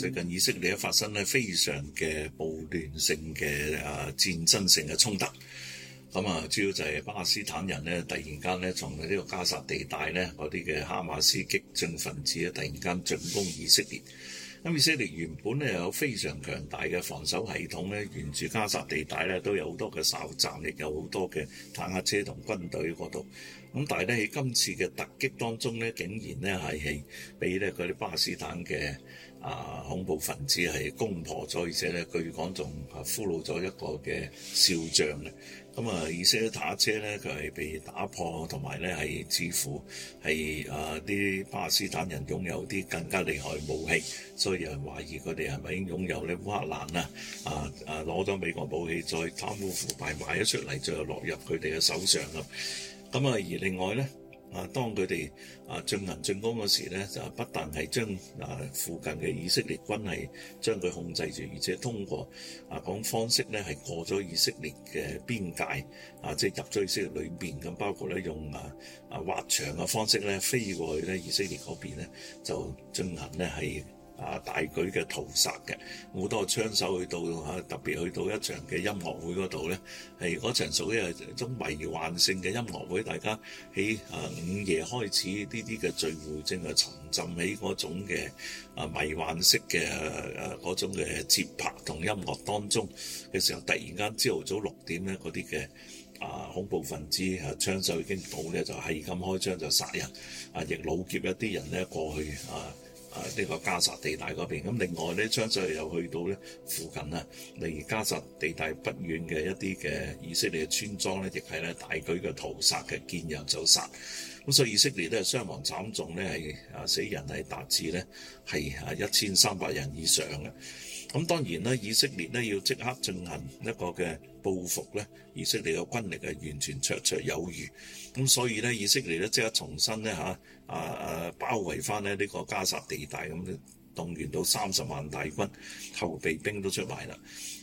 最近以色列發生咧非常嘅暴亂性嘅啊戰爭性嘅衝突，咁啊，主要就係巴勒斯坦人呢，突然間咧，從呢個加薩地帶呢，嗰啲嘅哈馬斯激進分子咧，突然間進攻以色列。咁、嗯、以色列原本呢，有非常強大嘅防守系統呢，沿住加薩地帶呢，都有好多嘅哨站，亦有好多嘅坦克車同軍隊嗰度。咁、嗯、但係呢，喺今次嘅突擊當中呢，竟然咧係俾呢嗰啲巴勒斯坦嘅。啊！恐怖分子係攻破咗，而且咧據講仲俘虜咗一個嘅少將咧。咁啊，以色列打車咧，佢係被打破，同埋咧係似乎係啊啲巴勒斯坦人擁有啲更加厲害武器，所以有、啊、人懷疑佢哋係咪已經擁有呢？烏克蘭啊啊啊攞咗美國武器再貪污腐敗賣咗出嚟，最後又落入佢哋嘅手上咁。咁啊，而另外咧。啊，當佢哋啊進行進攻嗰時咧，就不但係將啊附近嘅以色列軍係將佢控制住，而且通過啊嗰種方式咧，係過咗以色列嘅邊界，啊即係、就是、入咗以色列裏邊咁，包括咧用啊啊滑翔嘅方式咧飛過去咧，以色列嗰邊咧就進行咧係。啊！大舉嘅屠殺嘅好多槍手去到嚇，特別去到一場嘅音樂會嗰度咧，係嗰場屬於一種迷幻性嘅音樂會，大家喺啊午夜開始呢啲嘅聚會，正係沉浸喺嗰種嘅啊迷幻式嘅誒嗰種嘅節拍同音樂當中嘅時候，突然間朝頭早六點咧，嗰啲嘅啊恐怖分子啊槍手已經到咧，就係咁開槍就殺人啊，亦老劫一啲人咧過去啊！啊！呢、這個加沙地帶嗰邊，咁、啊、另外咧，將再又去到咧附近啊，離加沙地帶不遠嘅一啲嘅以色列嘅村莊咧，亦係咧大舉嘅屠殺嘅見人就殺，咁所以以色列都係傷亡慘重咧，係啊死人係達至咧係啊一千三百人以上嘅，咁當然啦，以色列咧要即刻進行一個嘅。報復咧，以色列嘅軍力係完全綽綽有餘咁，所以咧，以色列咧即刻重新咧嚇啊啊包圍翻咧呢個加薩地帶咁、嗯，動員到三十萬大軍，後備兵都出埋啦。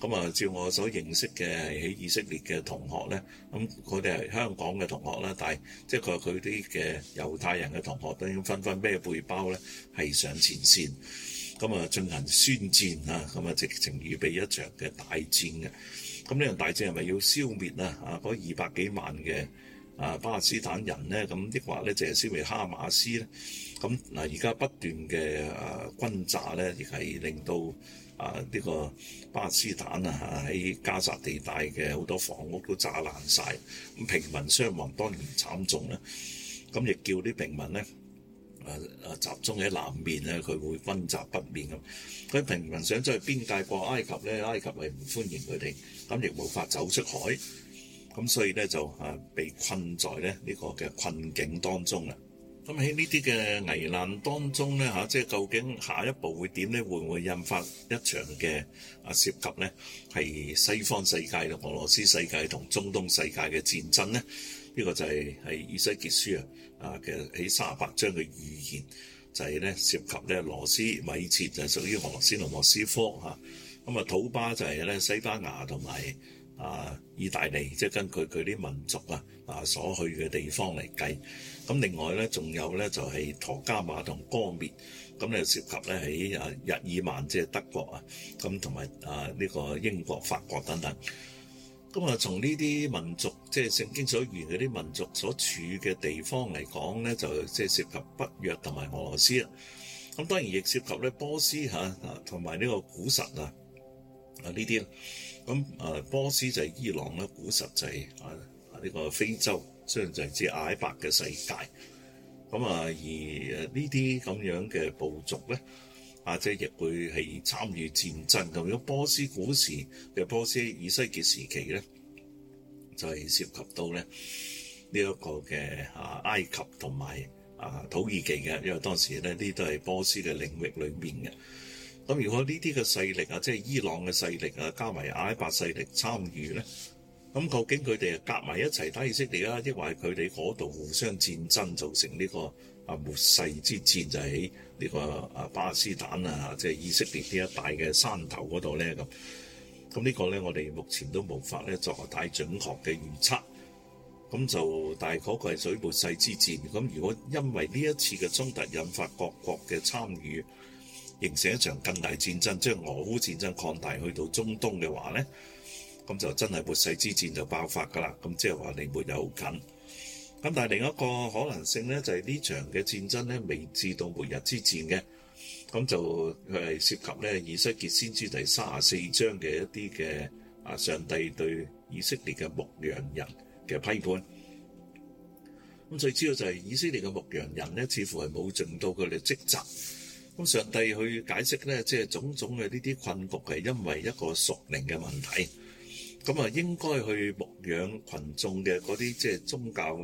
咁、嗯、啊，照我所認識嘅係喺以色列嘅同學咧，咁佢哋係香港嘅同學啦，但係即係佢佢啲嘅猶太人嘅同學都已經紛紛孭背包咧，係上前線咁啊、嗯，進行宣戰啊，咁、嗯、啊，直情預備一場嘅大戰嘅。咁呢樣大戰係咪要消滅啊？啊，嗰二百幾萬嘅啊巴勒斯坦人咧，咁抑或咧淨係消滅哈馬斯咧？咁嗱，而家不斷嘅誒轟炸咧，亦係令到啊呢個巴勒斯坦啊喺加薩地帶嘅好多房屋都炸爛晒。咁平民傷亡當然慘重啦。咁亦叫啲平民咧。誒誒，集中喺南面咧，佢會分集北面咁。佢平民想出去邊界過埃及咧，埃及係唔歡迎佢哋，咁亦冇法走出海。咁所以咧就誒被困在咧呢個嘅困境當中啊。咁喺呢啲嘅危難當中咧嚇，即係究竟下一步會點咧？會唔會引發一場嘅啊涉及咧係西方世界同俄羅斯世界同中東世界嘅戰爭咧？呢個就係係、就是《以西結書》啊，啊，其實喺三十八章嘅預言就係咧涉及咧羅斯、米切就屬於俄羅斯同莫斯科嚇，咁啊土巴就係咧西班牙同埋啊意大利，即係根據佢啲民族啊啊所去嘅地方嚟計。咁另外咧仲有咧就係陀迦瑪同歌篾，咁又涉及咧喺啊日耳曼即係德國啊，咁同埋啊呢個英國、法國等等。咁啊，從呢啲民族，即係聖經所言嗰啲民族所處嘅地方嚟講咧，就即係涉及北約同埋俄羅斯啦。咁當然亦涉及咧波斯嚇同埋呢個古實啊啊呢啲啦。咁啊，波斯就係伊朗啦，古實就係啊呢個非洲，雖然就係指阿拉伯嘅世界。咁啊，而呢啲咁樣嘅部族咧。啊，即係亦會係參與戰爭咁。如果波斯古時嘅波斯以西結時期咧，就係涉及到咧呢一個嘅啊埃及同埋啊土耳其嘅，因為當時咧呢都係波斯嘅領域裏面嘅。咁如果呢啲嘅勢力啊，即係伊朗嘅勢力啊，加埋阿拉伯勢力參與咧，咁究竟佢哋啊夾埋一齊打以色列啦，抑或係佢哋嗰度互相戰爭造成呢個？啊！末世之戰就喺呢個啊巴勒斯坦啊，即係以色列呢一帶嘅山頭嗰度咧咁。咁呢個咧，我哋目前都冇法咧作太準確嘅預測。咁就大概佢係屬於末世之戰。咁如果因為呢一次嘅衝突引發各國嘅參與，形成一場更大戰爭，將俄烏戰爭擴大去到中東嘅話咧，咁就真係末世之戰就爆發㗎啦。咁即係話你沒有緊。咁但係另一個可能性咧，就係呢場嘅戰爭咧，未至到末日之戰嘅。咁就佢係涉及咧《以西結先知》第三十四章嘅一啲嘅啊，上帝對以色列嘅牧羊人嘅批判。咁最主要就係以色列嘅牧羊人咧，似乎係冇盡到佢哋職責。咁上帝去解釋咧，即係種種嘅呢啲困局係因為一個屬靈嘅問題。咁啊，應該去牧養羣眾嘅嗰啲即係宗教。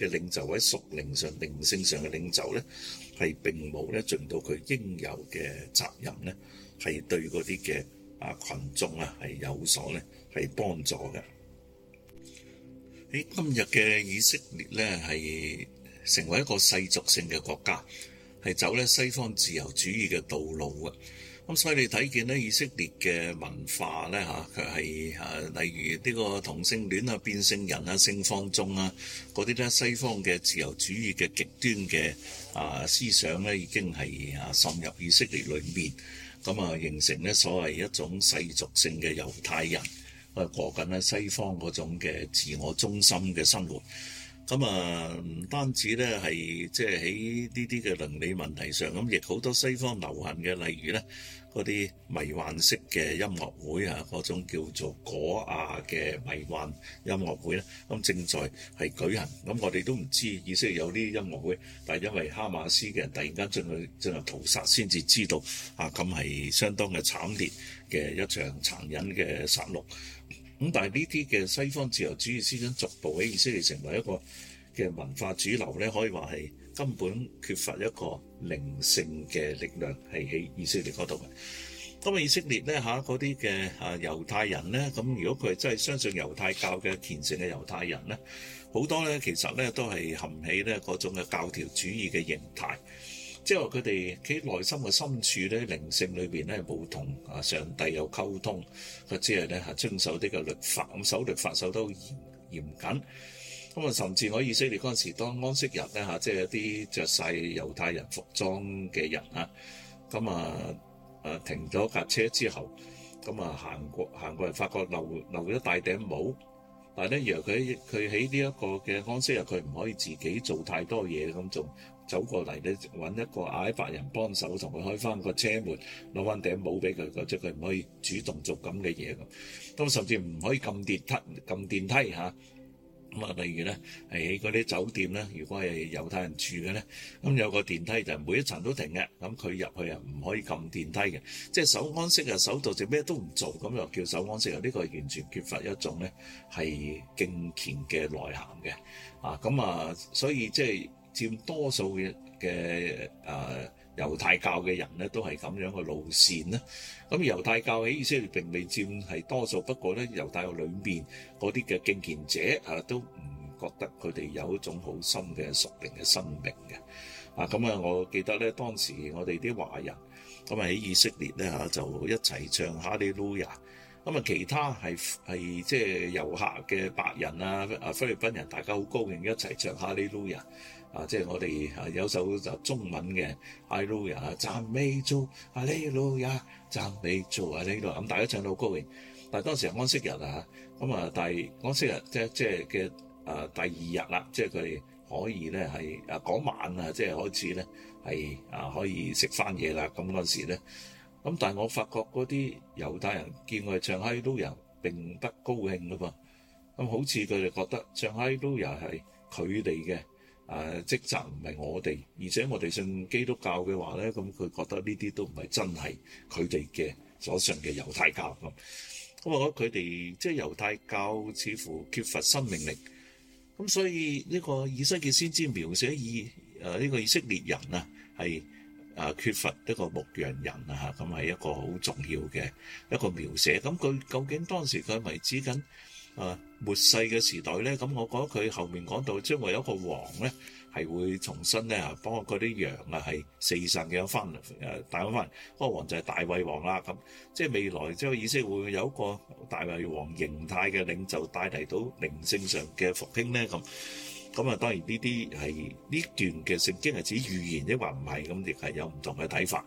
嘅領袖或者屬靈上、靈性上嘅領袖咧，係並冇咧盡到佢應有嘅責任咧，係對嗰啲嘅啊羣眾啊係有所咧係幫助嘅。喺、欸、今日嘅以色列咧，係成為一個世俗性嘅國家，係走咧西方自由主義嘅道路啊！咁所以你睇見咧，以色列嘅文化咧嚇，佢係啊，例如呢個同性戀啊、變性人啊、性放縱啊，嗰啲咧西方嘅自由主義嘅極端嘅啊思想咧，已經係啊滲入以色列裏面，咁啊形成咧所謂一種世俗性嘅猶太人，啊過緊咧西方嗰種嘅自我中心嘅生活。咁啊，唔單止咧係即係喺呢啲嘅倫理問題上，咁亦好多西方流行嘅，例如咧。嗰啲迷幻式嘅音樂會啊，嗰種叫做果亞嘅迷幻音樂會咧，咁正在係舉行。咁我哋都唔知，以色列有啲音樂會，但係因為哈馬斯嘅人突然間進去進入屠殺，先至知道啊，咁係相當嘅慘烈嘅一場殘忍嘅殺戮。咁但係呢啲嘅西方自由主義思想逐步喺以色列成為一個嘅文化主流咧，可以話係根本缺乏一個。靈性嘅力量係喺以色列嗰度嘅。咁啊，以色列咧嚇嗰啲嘅啊猶太人咧，咁如果佢真係相信猶太教嘅虔誠嘅猶太人咧，好多咧其實咧都係含起咧嗰種嘅教條主義嘅形態，即係話佢哋喺內心嘅深處咧靈性裏邊咧冇同啊上帝有溝通，佢只係咧嚇遵守啲嘅律法，咁守律法守得好嚴嚴謹。咁啊，甚至我以色列嗰陣時，當安息日咧嚇，即係有啲着晒猶太人服裝嘅人啊。咁啊，誒停咗架車之後，咁啊行過行過嚟，發覺漏漏咗大頂帽。但係咧，原來佢佢喺呢一個嘅安息日，佢唔可以自己做太多嘢，咁仲走過嚟咧，揾一個阿拉伯人幫手同佢開翻個車門，攞翻頂帽俾佢。即係佢唔可以主動做咁嘅嘢咁。咁甚至唔可以撳電梯，撳電梯嚇。啊。咁啊，例如咧，係喺嗰啲酒店咧，如果係猶太人住嘅咧，咁有個電梯就每一層都停嘅，咁佢入去啊唔可以撳電梯嘅，即係守安息啊守到就咩都唔做，咁又叫守安息啊，呢、這個完全缺乏一種咧係敬虔嘅內涵嘅，啊，咁啊，所以即係佔多數嘅嘅誒。呃猶太教嘅人咧，都係咁樣嘅路線咧。咁、啊、猶太教喺以色列並未佔係多數，不過咧，猶太教裏面嗰啲嘅敬虔者啊，都唔覺得佢哋有一種好深嘅屬靈嘅生命嘅。啊，咁啊，啊，我記得咧，當時我哋啲華人咁啊喺以色列咧嚇、啊，就一齊唱哈利路亞。咁啊，其他係係即係遊客嘅白人啊，啊，菲律賓人，大家好高興一齊唱哈利路亞啊！即係我哋啊有首就中文嘅哈利路亞讚美主，哈利路亞讚美主，哈利路亞，咁大家唱得好高興。但係當時安息日啊，咁啊安息日即即係嘅啊第二日啦，即係佢哋可以咧係啊嗰晚啊即係開始咧係啊可以食翻嘢啦。咁嗰時咧。咁但係我發覺嗰啲猶太人見我哋唱哈利路亞並不高興噶噃，咁好似佢哋覺得唱哈利路亞係佢哋嘅誒職責，唔係我哋，而且我哋信基督教嘅話咧，咁佢覺得呢啲都唔係真係佢哋嘅所信嘅猶太教咁。我覺得佢哋即係猶太教似乎缺乏生命力，咁所以呢個以西結先知描寫以誒呢個以色列人啊係。啊！缺乏一個牧羊人啊！咁係一個好重要嘅一個描寫。咁、啊、佢究竟當時佢係咪指緊，誒末世嘅時代咧，咁、啊、我覺得佢後面講到將會有一個王咧，係會重新咧啊，幫嗰啲羊啊係四散嘅翻誒帶翻。嗰、啊那個王就係大衛王啦。咁即係未來即係、就是、意思會有一個大衛王形態嘅領袖帶嚟到靈性上嘅復興咧。咁。咁啊，當然呢啲係呢段嘅聖經係指預言，亦或唔係咁，亦係有唔同嘅睇法。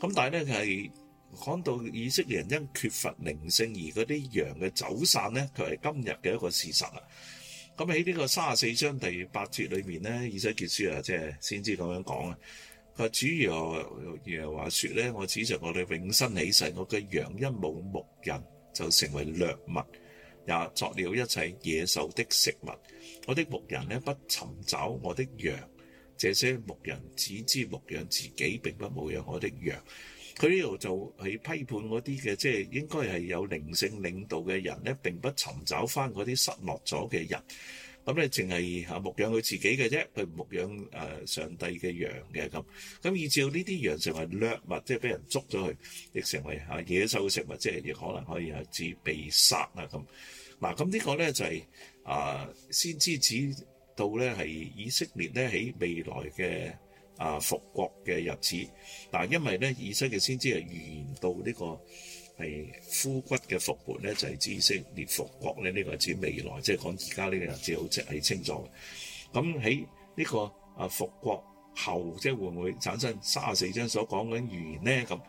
咁但係咧佢係講到以色列人因缺乏靈性而嗰啲羊嘅走散咧，佢係今日嘅一個事實啊！咁喺呢個三十四章第八節裏面咧，以西結書啊，即係先知咁樣講啊，佢話：主要又話說咧，我指著我哋永生起誓，我嘅羊因冇牧人就成為掠物，也作了一切野獸的食物。我的牧人咧不尋找我的羊，這些牧人只知牧養自己，並不牧養我的羊。佢呢度就係批判嗰啲嘅，即係應該係有靈性領導嘅人咧，並不尋找翻嗰啲失落咗嘅人。咁咧，淨係嚇牧養佢自己嘅啫，佢唔牧養誒上帝嘅羊嘅咁。咁依照呢啲羊成為掠物，即係俾人捉咗佢，亦成為嚇野獸食物，即係亦可能可以啊指被殺啊咁。嗱，咁呢個咧就係。啊！先知指到咧係以色列咧喺未來嘅啊復國嘅日子，但因為咧以色列先知係預言到呢、呢個係枯骨嘅復活咧，就係、是、以色列復國咧呢、呢個係指未來，即係講而家呢個日子好即係清楚咁喺呢個啊復國後，即係會唔會產生三十四章所講緊預言咧？咁？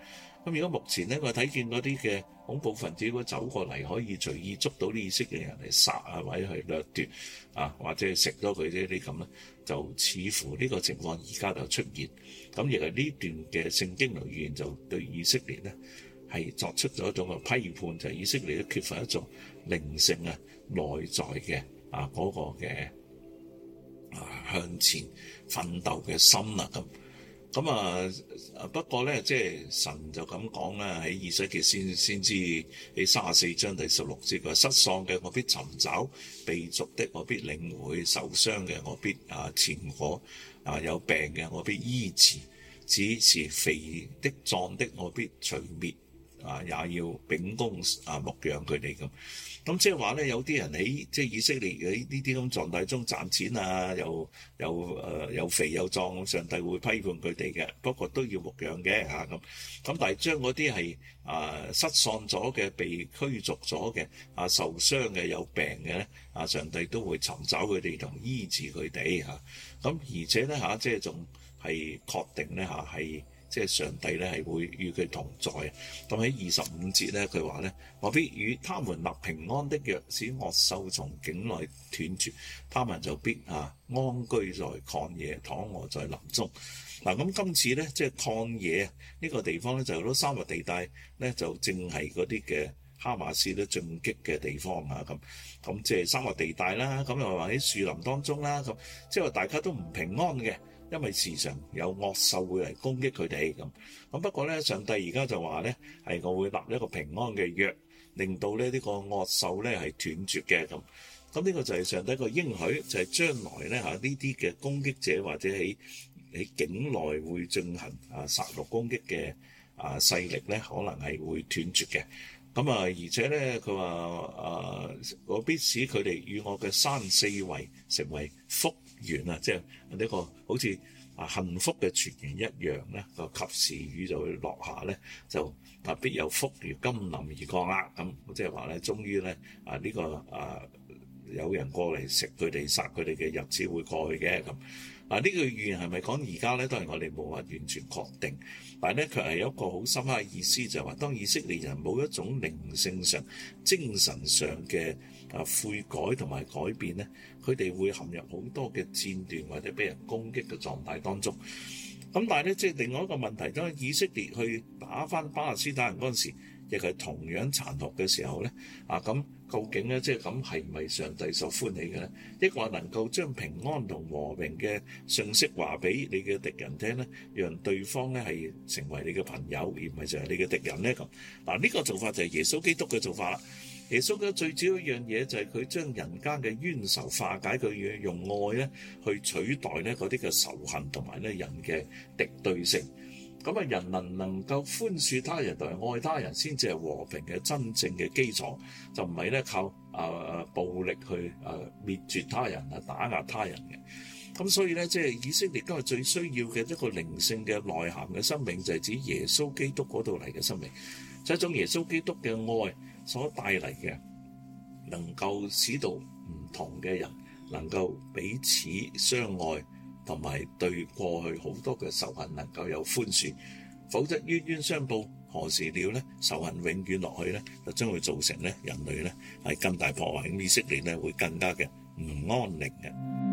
咁如果目前咧，我睇見嗰啲嘅恐怖分子如果走過嚟，可以隨意捉到啲以色列人嚟殺啊，或者去掠奪啊，或者係食咗佢啲啲咁咧，就似乎呢個情況而家就出現。咁亦係呢段嘅聖經來語言就對以色列咧係作出咗一種嘅批判，就係、是、以色列都缺乏一種靈性啊、內在嘅啊嗰個嘅啊向前奮鬥嘅心啊咁。咁啊！不過咧，即係神就咁講啦，喺以西結先先知喺三十四章第十六節話：失喪嘅我必尋找，被逐的我必領會，受傷嘅我必啊、呃、纏裹，啊、呃、有病嘅我必醫治，只是肥的壯的我必除滅。啊，也要秉公啊，牧養佢哋咁。咁、啊、即係話咧，有啲人喺即係以色列嘅呢啲咁狀態中賺錢啊，又又誒、呃、又肥又壯，上帝會批判佢哋嘅。不過都要牧養嘅嚇咁。咁、啊、但係將嗰啲係啊失喪咗嘅、被驅逐咗嘅、啊受傷嘅、有病嘅咧，啊上帝都會尋找佢哋同醫治佢哋嚇。咁、啊啊、而且咧嚇、啊，即係仲係確定咧嚇係。啊即係上帝咧係會與佢同在，同喺二十五節咧佢話咧，我必與他們立平安的約，使惡獸從境內斷絕，他們就必嚇安居在曠野，躺卧在林中。嗱，咁、啊、今次咧即係曠野呢個地方咧就好、是、多沙漠地帶咧就正係嗰啲嘅哈馬斯都進擊嘅地方啊咁，咁即係沙漠地帶啦，咁又話喺樹林當中啦，咁即係大家都唔平安嘅。因為時常有惡獸會嚟攻擊佢哋咁，咁不過咧，上帝而家就話咧，係我會立一個平安嘅約，令到咧呢個惡獸咧係斷絕嘅咁。咁呢個就係上帝一個應許，就係將來咧嚇呢啲嘅攻擊者或者喺喺境內會進行啊殺戮攻擊嘅啊勢力咧，可能係會斷絕嘅。咁啊，而且咧，佢話誒，我必使佢哋與我嘅山四圍成為福源啊，即係呢個好似啊幸福嘅傳言一樣咧，個及時雨就會落下咧，就特別有福如甘霖而降啊，咁即係話咧，終於咧啊呢個啊有人過嚟食佢哋殺佢哋嘅日子會過去嘅咁。嗱呢句語言係咪講而家咧？當然我哋冇話完全確定，但係咧佢係有一個好深刻嘅意思，就係話當以色列人冇一種靈性上、精神上嘅啊悔改同埋改變咧，佢哋會陷入好多嘅戰亂或者俾人攻擊嘅狀態當中。咁但係咧，即係另外一個問題，當以色列去打翻巴勒斯坦人嗰陣時，亦係同樣殘酷嘅時候咧。啊咁。究竟咧，即係咁係唔係上帝所歡喜嘅咧？抑或能夠將平安同和平嘅信息話俾你嘅敵人聽咧，讓對方咧係成為你嘅朋友，而唔係就係你嘅敵人咧咁嗱？呢個做法就係耶穌基督嘅做法啦。耶穌嘅最主要一樣嘢就係佢將人間嘅冤仇化解，佢要用愛咧去取代咧嗰啲嘅仇恨同埋咧人嘅敵對性。咁啊，人能能夠寬恕他人同埋愛他人，先至係和平嘅真正嘅基礎，就唔係咧靠啊暴力去啊滅絕他人啊打壓他人嘅。咁所以咧，即係以色列今日最需要嘅一個靈性嘅內涵嘅生命，就係指耶穌基督嗰度嚟嘅生命，就係一種耶穌基督嘅愛所帶嚟嘅，能夠使到唔同嘅人能夠彼此相愛。同埋對過去好多嘅仇恨能夠有寬恕，否則冤冤相報何時了呢？仇恨永遠落去呢，就將會造成呢人類呢係更大破壞，以色列呢會更加嘅唔安寧嘅。